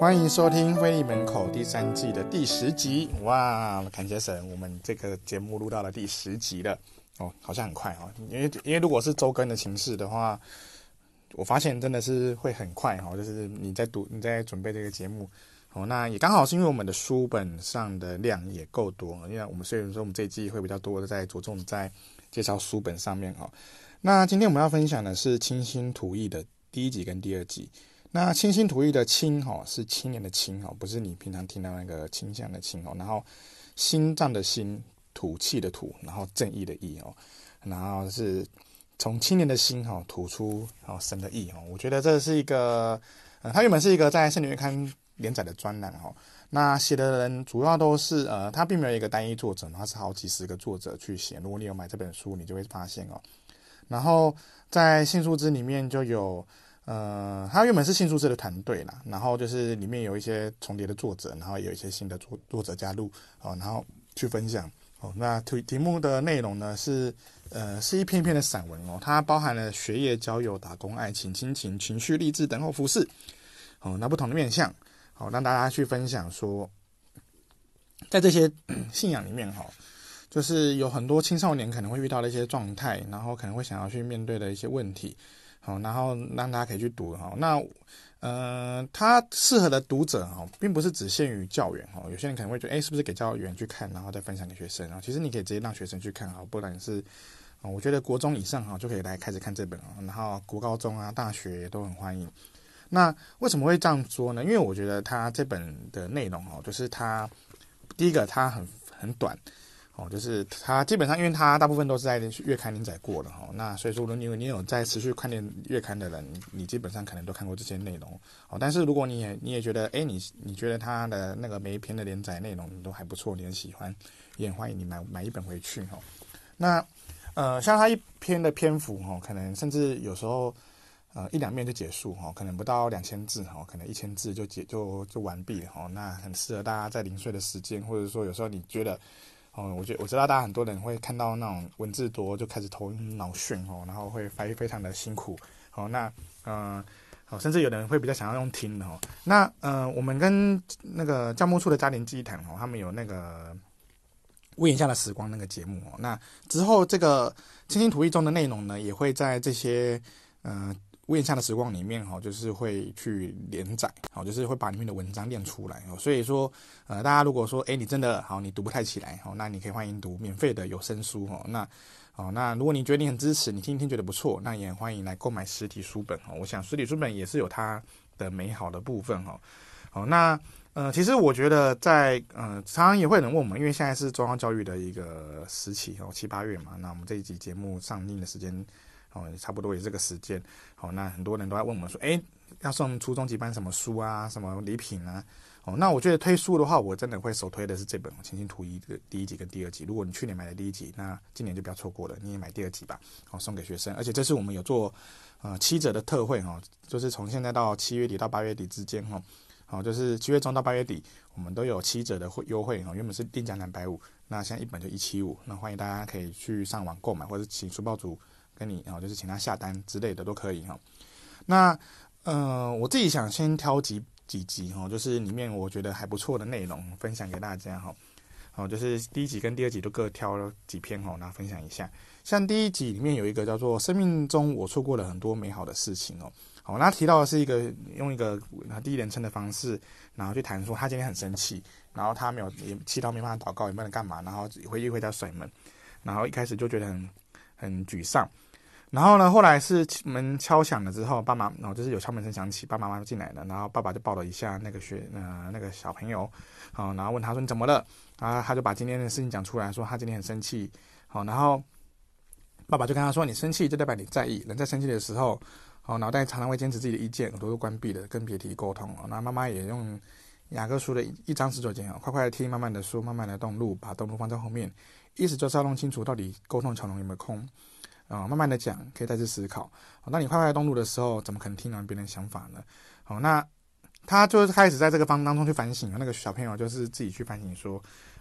歡迎收聽《腓利門口》第三季的第十集。哇，感謝神，我們這個節目錄到了第十集了哦，好像很快啊、哦。因為因為如果是周更的形式的話，我發現真的是會很快哈、哦。就是你在讀、你在準備這個節目哦，那也剛好是因為我們的書本上的量也夠多。因為我們雖然說我們這一季會比較多的在着重在介紹書本上面哈、哦。那今天我們要分享的是《青心吐義》的第一集跟第二集。那青心吐義的青，哈，是青年的青，哈，不是你平常聽到那個清香的清，哦。然後，心臟的心，吐氣的吐，然後正義的義，哦。然後是從青年的心，哈，吐出，然後神的義，哦。我覺得這是一個，呃，它原本是一個在《聖靈月刊》連載的專欄，哦。那寫的人主要都是，呃，他並沒有一個單一作者，它是好幾十個作者去寫。如果你有買這本書，你就會發現，哦。然後在新書知裡面就有。呃，它原本是新使者的團隊啦，然後就是裡面有一些重疊的作者，然後也有一些新的作作者加入哦，然後去分享哦。那題題目的內容呢是，呃，是一篇一篇的散文哦，它包含了學業、交友、打工、愛情、親情、情緒、勵志等候服飾哦，那不同的面向哦，讓大家去分享說，在這些 信仰裡面哈、哦，就是有很多青少年可能會遇到的一些狀態，然後可能會想要去面對的一些問題。然後讓大家可以去讀哈，那，嗯、呃，他適合的讀者哦，並不是只限於教員哦。有些人可能會覺得，哎，是不是給教員去看，然後再分享給學生？其實你可以直接讓學生去看哈，不然是，我覺得國中以上哈就可以來開始看這本哦，然後國高中啊、大學也都很歡迎。那為什麼會這樣說呢？因為我覺得他這本的內容哦，就是他第一個他，它很很短。哦，就是他基本上，因為他大部分都是在月刊連載過的哈，那所以說，如果你有你有在持續看點月刊的人，你基本上可能都看過這些內容哦。但是如果你也你也覺得，誒、欸，你你覺得他的那個每一篇的連載內容你都還不錯，你很喜歡，也很歡迎你買買一本回去哦。那呃，像他一篇的篇幅哦，可能甚至有時候呃一兩面就結束哦，可能不到兩千字哦，可能一千字就結就就完畢哦。那很適合大家在零碎的時間，或者說有時候你覺得。哦，我覺得我知道大家很多人會看到那種文字多就開始頭暈腦眩哦，然後會發譯非常的辛苦哦。那嗯，好、呃，甚至有人會比較想要用聽的哦。那嗯、呃，我們跟那個教牧處的家庭祭壇哦，他們有那個屋檐下的時光那個節目。哦、那之後這個青心吐義中的內容呢，也會在這些嗯。呃微下的時光裡面哈，就是會去連載，好，就是會把裡面的文章念出來哦。所以說，呃，大家如果說，誒、欸，你真的好，你讀不太起來，好，那你可以歡迎讀免費的有聲書哦。那，好，那如果你覺得你很支持，你聽一聽覺得不錯，那也很歡迎來購買實體書本哦。我想實體書本也是有它的美好的部分哈。那，呃，其實我覺得在，嗯、呃，常常也會有人問我們，因為現在是中央教育的一個時期哦，七八月嘛，那我們這一集節目上映的時間。哦，差不多也是這個時間。好，那很多人都在問我們說，誒、欸，要送初中級班什麼書啊，什麼禮品啊？哦，那我覺得推書的話，我真的會首推的是這本《青心吐義》的第一集跟第二集。如果你去年買的第一集，那今年就不要錯過了，你也買第二集吧。哦，送給學生，而且這次我們有做，呃，七折的特惠哈，就是從現在到七月底到八月底之間哈，哦，就是七月中到八月底，我們都有七折的優惠哈，原本是定價兩百五，那現在一本就一七五，那歡迎大家可以去上網購買或者請書報組跟你哦，就是請他下單之類的都可以哈。那嗯、呃，我自己想先挑幾幾集哦，就是裡面我覺得還不錯的內容分享給大家哈。好，就是第一集跟第二集都各挑了幾篇哦，然後分享一下。像第一集裡面有一個叫做《生命中我錯過了很多美好的事情》哦。好，那提到的是一個用一個第一人稱的方式，然後去談說他今天很生氣，然後他沒有也氣到沒辦法禱告，也沒辦法幹嘛，然後回去回家甩門，然後一開始就覺得很很沮喪。然後呢，後來是門敲響了之後，爸媽，然、哦、後就是有敲門聲響起，爸爸媽媽進來了。然後爸爸就抱了一下那個學，呃，那個小朋友，哦，然後問他說：“你怎麼了？”然、啊、後他就把今天的事情講出來，說他今天很生氣。好、哦，然後爸爸就跟他說：“你生氣就代表你在意。人在生氣的時候，哦，腦袋常常會堅持自己的意見，耳朵都都關閉的，更別提溝通。哦”然後媽媽也用雅各書的一,一章十九節、哦、快快的聽，慢慢的說，慢慢的動怒把動怒放在後面，意思就是要弄清楚到底溝通橋樑有沒有空。啊、哦，慢慢的講，可以再次思考。那你快快動怒的時候，怎麼可能聽完別人的想法呢？好，那他就是開始在這個方當中去反省。那個小朋友就是自己去反省，說，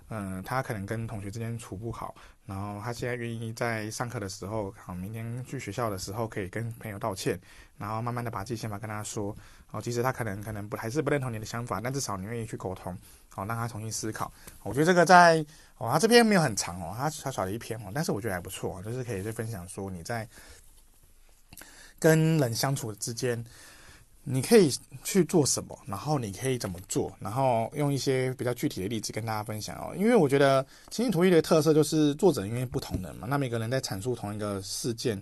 嗯，他可能跟同學之間處不好，然後他現在願意在上課的時候，好，明天去學校的時候可以跟朋友道歉，然後慢慢的先把自己想法跟他說。哦，其實他可能可能不還是不認同你的想法，但至少你願意去溝通，哦，讓他重新思考。我覺得這個在哦，他這篇沒有很長哦，他小小的一篇哦，但是我覺得還不錯，哦，就是可以去分享說你在跟人相處之間，你可以去做什麼，然後你可以怎麼做，然後用一些比較具體的例子跟大家分享哦。因為我覺得《青心吐義》的特色就是作者因為不同的人嘛，那每個人在闡述同一個事件。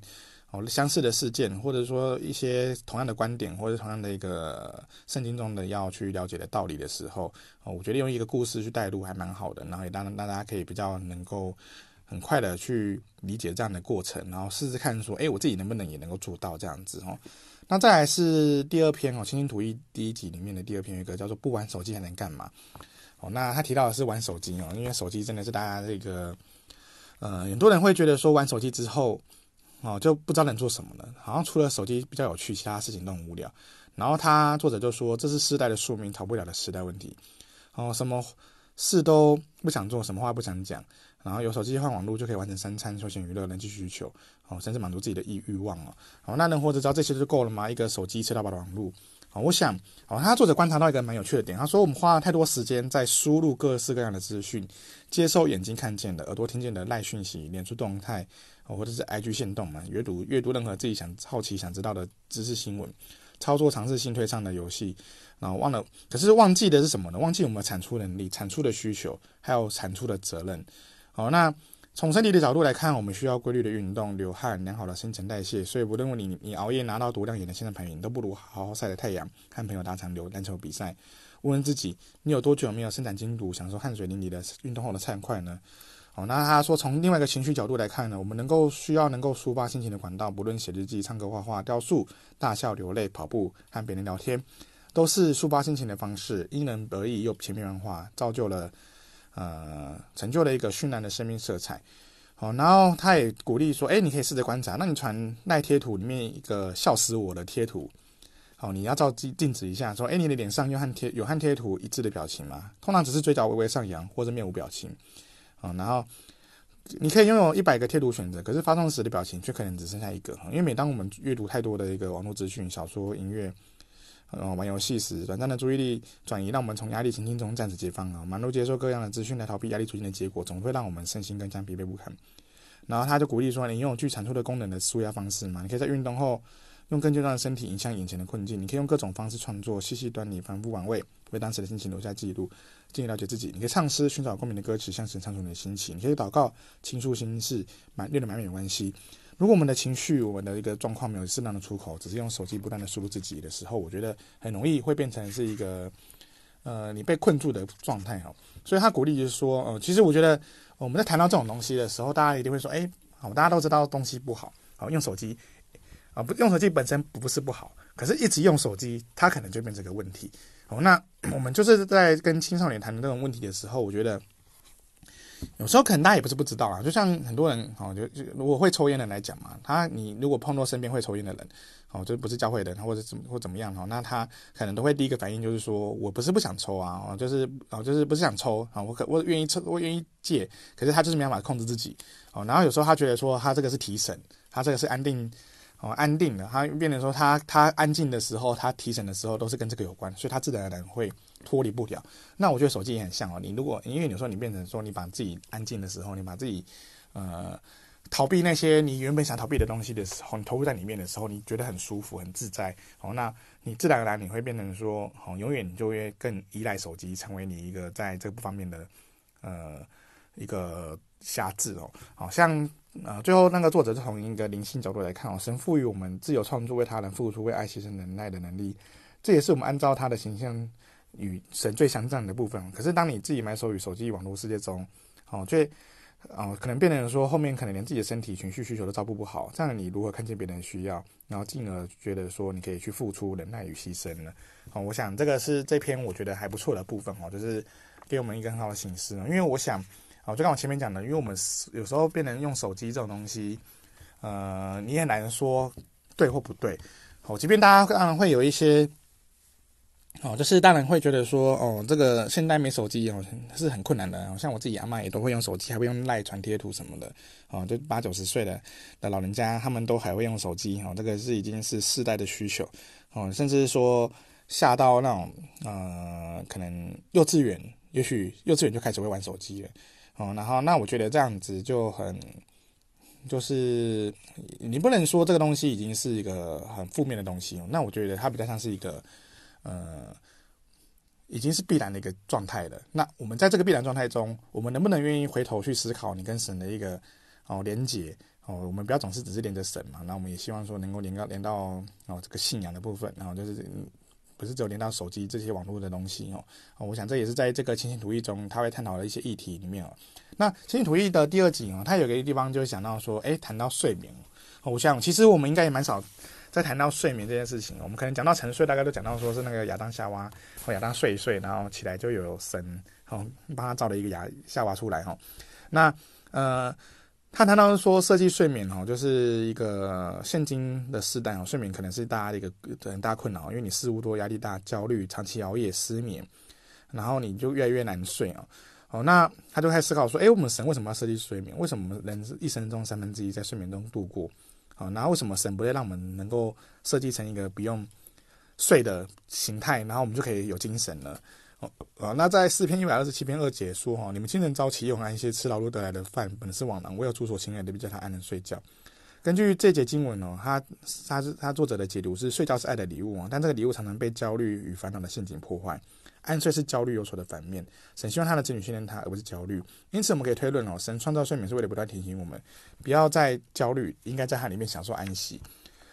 哦，相似的事件，或者說一些同樣的觀點，或者同樣的一個聖經中的要去了解的道理的時候，我覺得用一個故事去帶入還蠻好的，然後也讓大家可以比較能夠很快的去理解這樣的過程，然後試試看說，哎，我自己能不能也能夠做到這樣子哦。那再來是第二篇哦，《青心吐義1》第一集裡面的第二篇一個叫做“不玩手機還能幹嘛”哦。那他提到的是玩手機哦，因為手機真的是大家這個，呃，很多人會覺得說玩手機之後。哦，就不知道能做什麼了，好像除了手機比較有趣，其他事情都很無聊。然後他作者就說，這是世代的宿命，逃不了的時代問題。哦，什麼事都不想做，什麼話不想講。然後有手機換網絡就可以完成三餐、休閒娛樂、人際需求，哦，甚至滿足自己的慾望了。哦，那人活著只要這些就夠了嗎？一個手機吃到飽的網絡。哦，我想，哦，他作者觀察到一個蠻有趣的點，他說我們花了太多時間在輸入各式各樣的資訊，接收眼睛看見的、耳朵聽見的賴訊息，臉書動態。哦，或者是 IG 限動嘛，閱讀閱讀任何自己想好奇想知道的知識新聞，操作嘗試新推上的遊戲，然後忘了，可是忘記的是什麼呢？忘記我們產出能力、產出的需求，還有產出的責任。好，那從身體的角度來看，我們需要規律的運動、流汗、良好的新陳代謝。所以不，不論你你熬夜拿到多亮眼的線上排名，都不如好好曬曬太陽，和朋友打場流籃球比賽。問問自己，你有多久有沒有生產精讀、享受汗水淋漓的運動後的暢快呢？哦，那他說從另外一個情緒角度來看呢，我們能夠需要能夠抒發心情的管道，不論寫日記、唱歌、畫畫、雕塑、大笑、流淚、跑步、和別人聊天，都是抒發心情的方式。因人而異，又千變萬化，造就了呃成就了一個絢爛的生命色彩。好、哦，然後他也鼓勵說，哎、欸，你可以試着觀察，那你傳耐貼圖裡面一個笑死我的貼圖，好、哦，你要照鏡子一下，說，哎、欸，你的臉上和貼有和貼有和貼圖一致的表情嗎？通常只是嘴角微微上揚或者面無表情。啊、嗯，然後你可以擁有一百個貼圖選擇，可是發送時的表情卻可能只剩下一個。因為每當我們閱讀太多的一個網絡資訊、小說、音樂、呃玩遊戲時，短暫的注意力轉移讓我們從壓力情境中暫時解放啊。忙碌接受各樣的資訊來逃避壓力出現的結果，總會讓我們身心更加疲憊不堪。然後他就鼓勵說：“你擁有具產出的功能的舒壓方式嘛？你可以在運動後用更健壯的身體迎向眼前的困境。你可以用各種方式創作，細細端倪，反復玩味，為當時的心情留下記錄。”盡力了解自己，你可以唱詩，尋找共鳴的歌曲，像是唱出你的心情；你可以禱告，傾訴心事，滿略的滿面關係。如果我們的情緒，我們的一個狀況沒有適當的出口，只是用手機不斷的輸入自己的時候，我覺得很容易會變成是一個，呃，你被困住的狀態哈。所以他鼓勵就是說，呃，其實我覺得、呃、我們在談到這種東西的時候，大家一定會說，誒、欸，好，大家都知道東西不好，好用手機，啊、呃，不用手機本身不是不好，可是一直用手機，它可能就變成一個問題。哦，那我們就是在跟青少年談的這種問題的時候，我覺得有時候可能大家也不是不知道啊。就像很多人哦，就就如果會抽煙的人來講嘛，他你如果碰到身邊會抽煙的人，哦，就不是教會的人，或者怎或怎麼樣哦，那他可能都會第一個反應就是說，我不是不想抽啊，哦，就是哦，就是不是想抽啊，哦，我可我願意抽，我願意戒，可是他就是沒辦法控制自己哦。然後有時候他覺得說，他這個是提神，他這個是安定。哦，安定的，他變成說它，他他安靜的時候，他提神的時候，都是跟這個有關，所以他自然而然會脫離不了。那我覺得手機也很像哦，你如果因為有時候你變成說，你把自己安靜的時候，你把自己呃逃避那些你原本想逃避的東西的時候，你投入在裡面的時候，你覺得很舒服、很自在哦，那你自然而然你會變成說，哦，永遠就會更依賴手機，成為你一個在這方面的呃一個轄制哦，好像。啊，最後那個作者是從一個靈性角度來看哦，神賦予我們自由創作、為他人付出、為愛犧牲忍耐的能力，這也是我們按照他的形象與神最相像的部分。可是，當你自己埋首於手機網絡世界中，哦，最哦，可能變成說後面可能連自己的身體、情緒需求都照顧不好，這樣你如何看見別人需要，然後進而覺得說你可以去付出忍耐與犧牲呢？哦，我想這個是這篇我覺得還不錯的部分哦，就是給我們一個很好的啟示，哦，因為我想。我就跟我前面講的，因為我們有時候變成用手機這種東西，呃，你也難說對或不對。好，即便大家當然會有一些，哦，就是當然會覺得說，哦，這個現在沒手機哦是很困難的。哦，像我自己阿嬤也都會用手機，還會用賴傳貼圖什麼的。哦，就八九十歲的的老人家，他們都還會用手機。哈，哦，這個是已經是世代的需求。哦，甚至說下到那種，呃，可能幼稚園，也許幼稚園就開始會玩手機了。哦，然後那我覺得這樣子就很，就是你不能說這個東西已經是一個很負面的東西，那我覺得它比較像是一個，呃，已經是必然的一個狀態了。那我們在這個必然狀態中，我們能不能願意回頭去思考你跟神的一個哦連接哦？我們不要總是只是連着神嘛，那我們也希望說能夠連到連到哦這個信仰的部分，然後就是。不是只有連到手機這些網絡的東西哦，我想這也是在這個《青心吐義》中他會探討的一些議題裡面哦。那《青心吐義》的第二集哦，它有一個地方就講到說，誒、欸，談到睡眠、哦、我想其實我們應該也蠻少在談到睡眠這件事情。我們可能講到沉睡，大概都講到說是那個亞當夏娃，或、哦、亞當睡一睡，然後起來就有神哦，幫他造了一個牙，夏娃出來哦，那呃。他談到說，設計睡眠哦，就是一個現今的時代哦，睡眠可能是大家的一個很大困擾，因為你事務多、壓力大、焦慮，長期熬夜失眠，然後你就越來越難睡哦。哦，那他就開始思考說，誒、欸，我們神為什麼要設計睡眠？為什麼人一生中三分之一在睡眠中度過？啊，然後為什麼神不會讓我們能夠設計成一個不用睡的形態，然後我們就可以有精神了？呃、哦，那在四篇一百二十七篇二節說哈，你們清晨早起用一些吃勞碌得來的飯，本是往狼窩要住所，親愛的，別叫他安能睡覺。根據這節經文哦，他是作者的解讀是睡覺是愛的禮物，但這個禮物常常被焦慮與煩惱的陷阱破壞。安睡是焦慮有所的反面，神希望他的子女訓練他，而不是焦慮。因此我們可以推論哦，神創造睡眠是為了不斷提醒我們，不要再焦慮，應該在它裡面享受安息。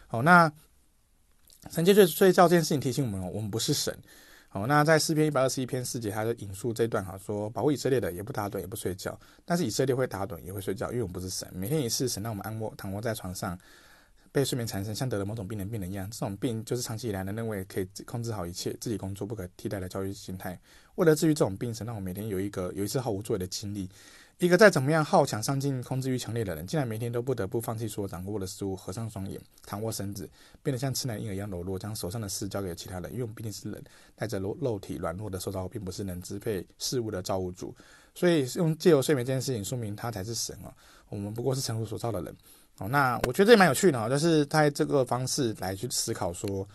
好、哦，那神接睡睡覺這件事情提醒我們哦，我們不是神。哦，那在詩篇一百二十一篇四節，他的引述這段哈，說保護以色列的也不打盹也不睡覺，但是以色列會打盹也會睡覺，因為我們不是神，每天也是神讓我們安臥躺臥在床上，被睡眠纏身，像得了某種病的病人一樣，這種病就是長期以來的認為可以控制好一切，自己工作不可替代的教育心態，為了治癒這種病，神讓我們每天有一個有一次毫無作為的經歷。一個再怎麼樣好強上進、控制欲強烈的人，竟然每天都不得不放棄所掌握的事物，合上雙眼，躺臥身子，變得像吃奶嬰兒一樣柔弱，將手上的事交給其他人。因為我們畢竟是人，帶着肉肉體軟弱的受造物，並不是能支配事物的造物主。所以用借由睡眠這件事情，說明他才是神哦，我們不過是塵土所造的人。哦，那我覺得也蠻有趣的，哦，就是他這個方式來去思考說，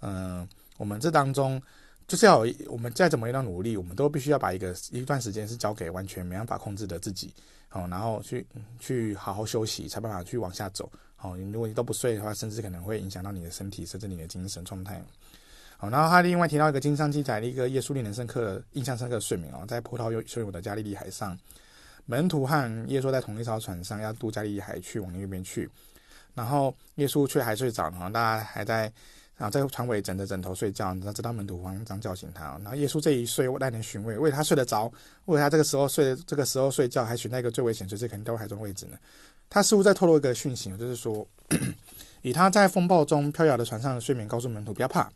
嗯，呃，我們這當中。就是要我們再怎麼一段努力，我們都必須要把一個一段時間是交給完全沒辦法控制的自己，好，然後去去好好休息，才辦法去往下走。哦，如果你都不睡的話，甚至可能會影響到你的身體，甚至你的精神狀態。好，然後他另外提到一個經上記載的一個耶穌令人深刻、印象深刻的睡眠哦，在波濤洶湧的加利利海上，門徒和耶穌在同一艘船上要渡加利利海去往那邊去，然後耶穌卻還睡着，哦，大家還在。然後在船尾枕着枕頭睡覺，你知道門徒慌張叫醒他。然後耶穌這一睡耐人尋味，為他睡得着，為他這個時候睡，這個時候睡覺還選在一個最危險、隨時肯定掉海中位置呢。他似乎在透露一個訊息，就是說， 以他在風暴中飄搖的船上的睡眠，告訴門徒不要怕，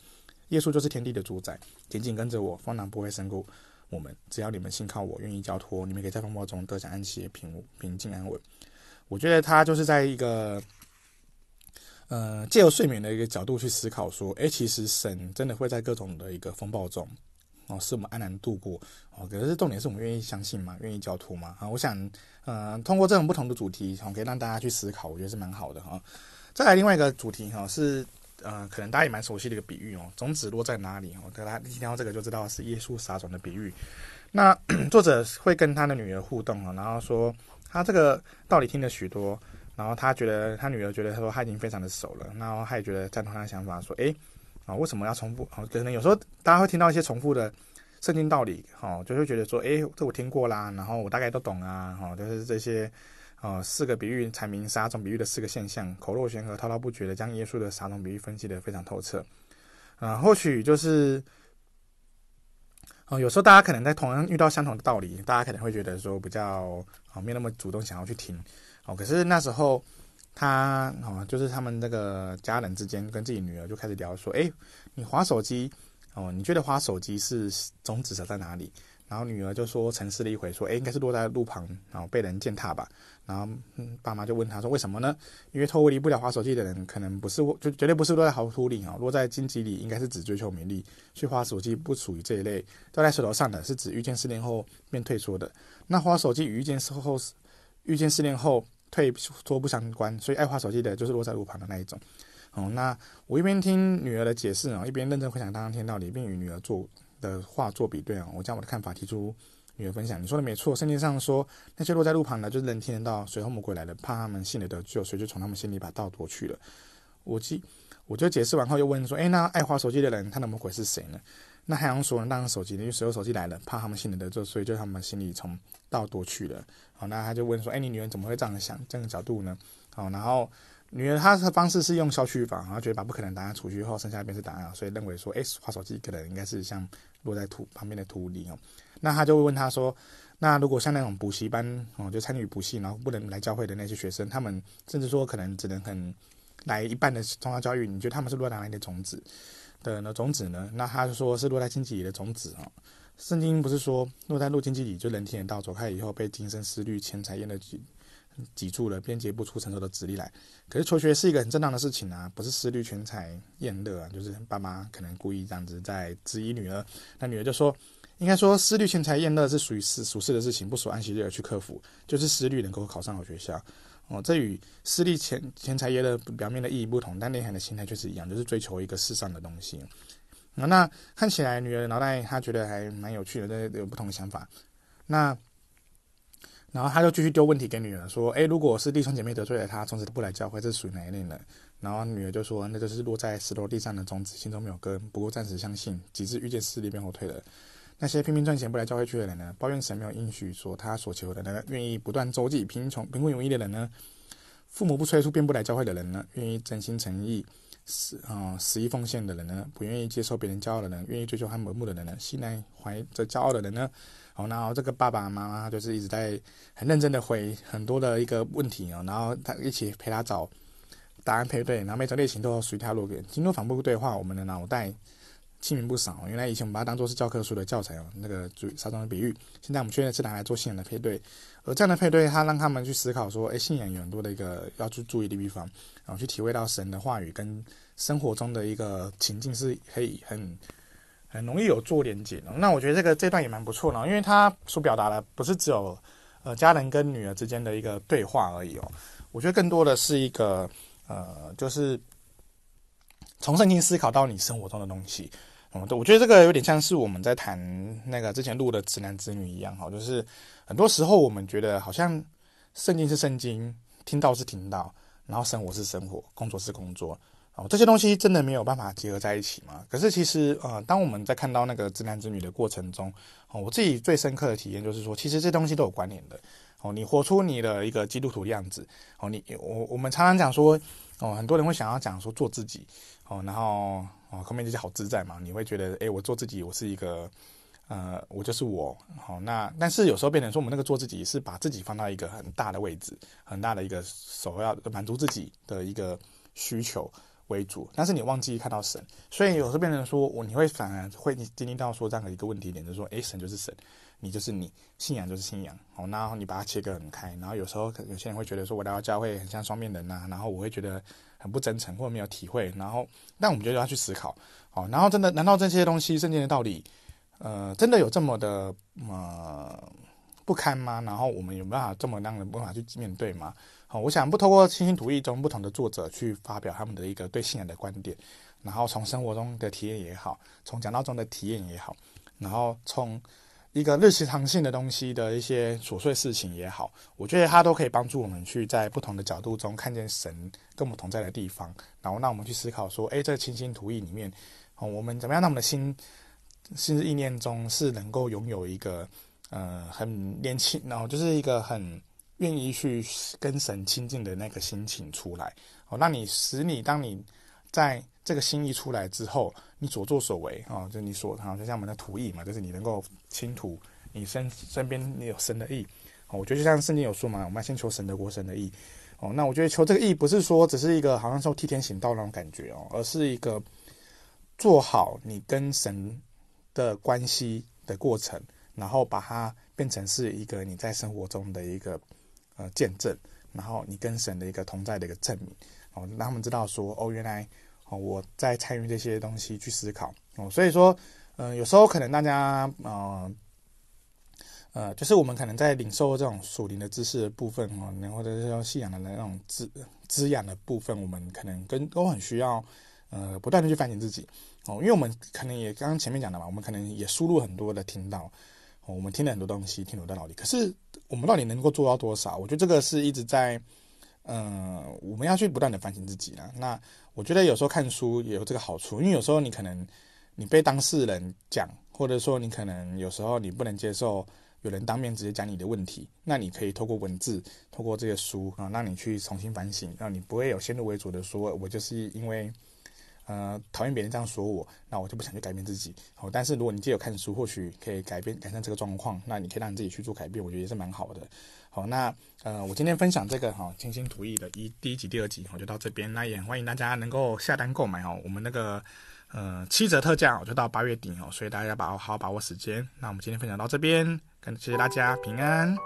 耶穌就是天地的主宰，緊緊跟着我，風浪不會勝過我們。只要你們信靠我，願意交托，你們可以在風暴中得享安息平、平平靜安穩。我覺得他就是在一個。呃，借由睡眠的一個角度去思考，說，誒、欸，其實神真的會在各種的一個風暴中，哦，使我們安然度過，哦，可是重點是我們願意相信嗎？願意交託嗎？啊，我想，嗯、呃，通過這種不同的主題，我、哦、可以讓大家去思考，我覺得是蠻好的哈、哦。再來另外一個主題哈、哦，是，呃，可能大家也蠻熟悉的一個比喻哦，種子落在哪裡？我、哦、大家一聽到這個就知道是耶穌撒種的比喻。那 作者會跟他的女兒互動啊、哦，然後說他這個道理聽了許多。然後他覺得，他女兒覺得，他說他已經非常的熟了。然後他也覺得贊同他的想法，說：“哎，啊、哦，為什麼要重複、哦？可能有時候大家會聽到一些重複的聖經道理，哦，就會覺得說：哎，這我聽過啦，然後我大概都懂啊。哦，就是這些，哦、四個比喻、闡明撒種比喻的四個現象，口若懸河、滔滔不絕的將耶穌的撒種比喻分析得非常透徹。啊、呃，或許就是、哦，有時候大家可能在同樣遇到相同的道理，大家可能會覺得說比較哦，沒有那麼主動想要去聽。”可是那時候，他哦，就是他們那個家人之間跟自己女兒就開始聊說，哎、欸，你滑手機，哦、喔，你覺得滑手機是種子撒在哪裡？然後女兒就說沉思了一回，說，哎、欸，應該是落在路旁，然後被人踐踏吧。然後，嗯，爸媽就問他說，為什麼呢？因為脫離不了滑手機的人，可能不是，就絕對不是落在好土裡啊，落在荊棘裡，應該是只追求名利去滑手機，不屬於這一類，掉在石頭上的，是指遇見試煉後便退出的。那滑手機與遇見試煉後，遇見試煉後。退縮不相關，所以愛滑手機的就是落在路旁的那一種。哦，那我一邊聽女兒的解釋哦，一邊認真回想當天道理，並與女兒做的話做比對啊。我將我的看法提出女兒分享。你說的沒錯，聖經上說那些落在路旁的，就是能聽得到，隨後當魔鬼來了，怕他們心裡得、得救，所以就從他們心裡把道奪去了。我記，我就解釋完後又問說，誒、欸，那愛滑手機的人，他的魔鬼是誰呢？那海洋說：“那手機，因為所有手機來了，怕他們心裡的。就所以就他們心裡從到多去了。好，那他就問說：哎、欸，你女人怎麼會這樣想？這個角度呢？好，然後女人她的方式是用消去法，然後覺得把不可能答案除去後，剩下便是答案，所以認為說：誒、欸，畫手機可能應該是像落在土旁邊的土裡哦。那他就會問他說：那如果像那種補習班哦，就參與補習，然後不能來教會的那些學生，他們甚至說可能只能很。”來一半的中華教育，你覺得他們是落在哪裡的種子的呢？對，那種子呢？那他就說是落在荊棘裡的種子啊。聖經不是說落在路荊棘裡就是人聽了道，走開以後被今生的思慮、錢財宴樂擠住了，便結不出成熟的子粒來。可是求學是一個很正當的事情啊，不是思慮、錢財、宴樂啊，就是爸媽可能故意這樣子在質疑女兒。那女兒就說，應該說思慮、錢財、宴樂是屬於是俗世的事情，不屬安息日而去克服，就是思慮能夠考上好學校。哦，這與私立錢錢財爺的表面的意義不同，但內涵的心態卻是一樣，就是追求一個世上的東西。那看起來女兒腦袋她覺得還蠻有趣的，但是有不同的想法。那然後他就繼續丟問題給女兒說，哎，如果是弟兄姐妹得罪了他，從此不來教會，這屬於哪一類呢？然後女兒就說，那就是落在石頭地上的種子，心中沒有根，不過暫時相信，幾次遇見勢力便後退了。那些拼命賺錢不來教會去的人呢？抱怨神沒有應許說他所求的那個願意不斷周濟貧窮貧困容易的人呢？父母不催促便不來教會的人呢？願意真心誠意實啊實意奉獻的人呢？不願意接受別人驕傲的人，願意追求他本目的人呢？信賴懷着驕傲的人呢？好，哦，然後這個爸爸媽媽就是一直在很認真的回很多的一個問題哦。然後他一起陪他找答案配對，然後每種類型都隨他落筆，經過反覆對話我們的腦袋清明不少、哦，原來以前我們把它當做是教科書的教材哦，那個主撒種的比喻，現在我們是拿來做信仰的配對，而這樣的配對，它讓他們去思考說，哎，信仰有很多的一個要去注意的地方，然後去體會到神的話語跟生活中的一個情境是可以很很,很容易有做連結的。那我覺得這個這段也蠻不錯呢，因為他所表達的不是只有呃家人跟女兒之間的一個對話而已哦，我覺得更多的是一個呃，就是從聖經思考到你生活中的東西。哦，對，我覺得這個有點像是我們在談那個之前錄的《直男直女》一樣，哈，就是很多時候我們覺得好像聖經是聖經，聽到是聽到，然後生活是生活，工作是工作，哦，這些東西真的沒有辦法結合在一起嘛，可是其實，呃，當我們在看到那個《直男直女》的過程中，哦、呃，我自己最深刻的體驗就是說，其實這些東西都有關聯的。哦，你活出你的一個基督徒的樣子。哦，你我我們常常講說，哦，很多人會想要講說做自己。哦，然後哦，後面就是好自在嘛。你會覺得，哎，我做自己，我是一個，呃，我就是我。好、哦，那但是有時候變成說，我們那個做自己是把自己放到一個很大的位置，很大的一個首要滿足自己的一個需求為主。但是你忘記看到神，所以有時候變成說我你會反而會經歷到說這樣的一個問題點，就是說，哎，神就是神。你就是你，信仰就是信仰，好，然後你把它切割很開，然後有時候有些人會覺得說，我來到教會很像雙面人吶、啊，然後我會覺得很不真誠，或者沒有體會，然後那我們就要去思考，哦，然後真的，難道這些東西、聖經的道理，呃，真的有這麼的嗯、呃、不堪嗎？然後我們有沒有辦法這麼讓人無法去面對嗎？好，我想不透過《青心吐義》中不同的作者去發表他們的一個對信仰的觀點，然後從生活中的體驗也好，從講道中的體驗也好，然後從一個日常性的東西的一些瑣碎事情也好，我覺得它都可以幫助我們去在不同的角度中看見神跟我們同在的地方，然後讓我們去思考說：哎，這青心吐義裡面，哦，我們怎麼樣讓我們的心心意念中是能夠擁有一個嗯、呃、很年輕，然後就是一個很願意去跟神親近的那個心情出來？哦，那你使你當你在。這個心意出來之後，你所作所為啊、哦，就你所，好像就像我們的吐義嘛，就是你能夠傾吐你身身邊你有神的義、哦。我覺得就像聖經有說嘛，我們要先求神的國、神的義。哦，那我覺得求這個義不是說只是一個好像說替天行道的那種感覺哦，而是一個做好你跟神的關係的過程，然後把它變成是一個你在生活中的一個呃見證，然後你跟神的一個同在的一個證明哦，讓他們知道說哦，原來。我在參與這些東西去思考哦，所以說，嗯、呃，有時候可能大家，呃，呃，就是我們可能在領受這種屬靈的知識的部分，或者是說信仰的那種滋滋養的部分，我們可能跟都很需要，呃，不斷的去反省自己哦、呃，因為我們可能也剛剛前面講的嘛，我們可能也輸入很多的聽道，呃，我們聽了很多東西，聽入到腦裡，可是我們到底能夠做到多少？我覺得這個是一直在，嗯、呃，我們要去不斷的反省自己啊，那。我覺得有時候看書也有這個好處，因為有時候你可能你被當事人講，或者說你可能有時候你不能接受有人當面直接講你的問題，那你可以透過文字，透過這些書啊，然後讓你去重新反省，讓你不會有先入為主的說，我就是因為呃討厭別人這樣說我，那我就不想去改變自己。好，但是如果你既有看書，或許可以改變改善這個狀況，那你可以讓你自己去做改變，我覺得也是蠻好的。好，那呃，我今天分享這個哈，青心吐義的一第一集、第二集，我就到這邊。那也很歡迎大家能夠下單購買哦，我們那個呃七折特價，我就到八月底哦，所以大家把握好好把握時間。那我們今天分享到這邊，感謝大家平安。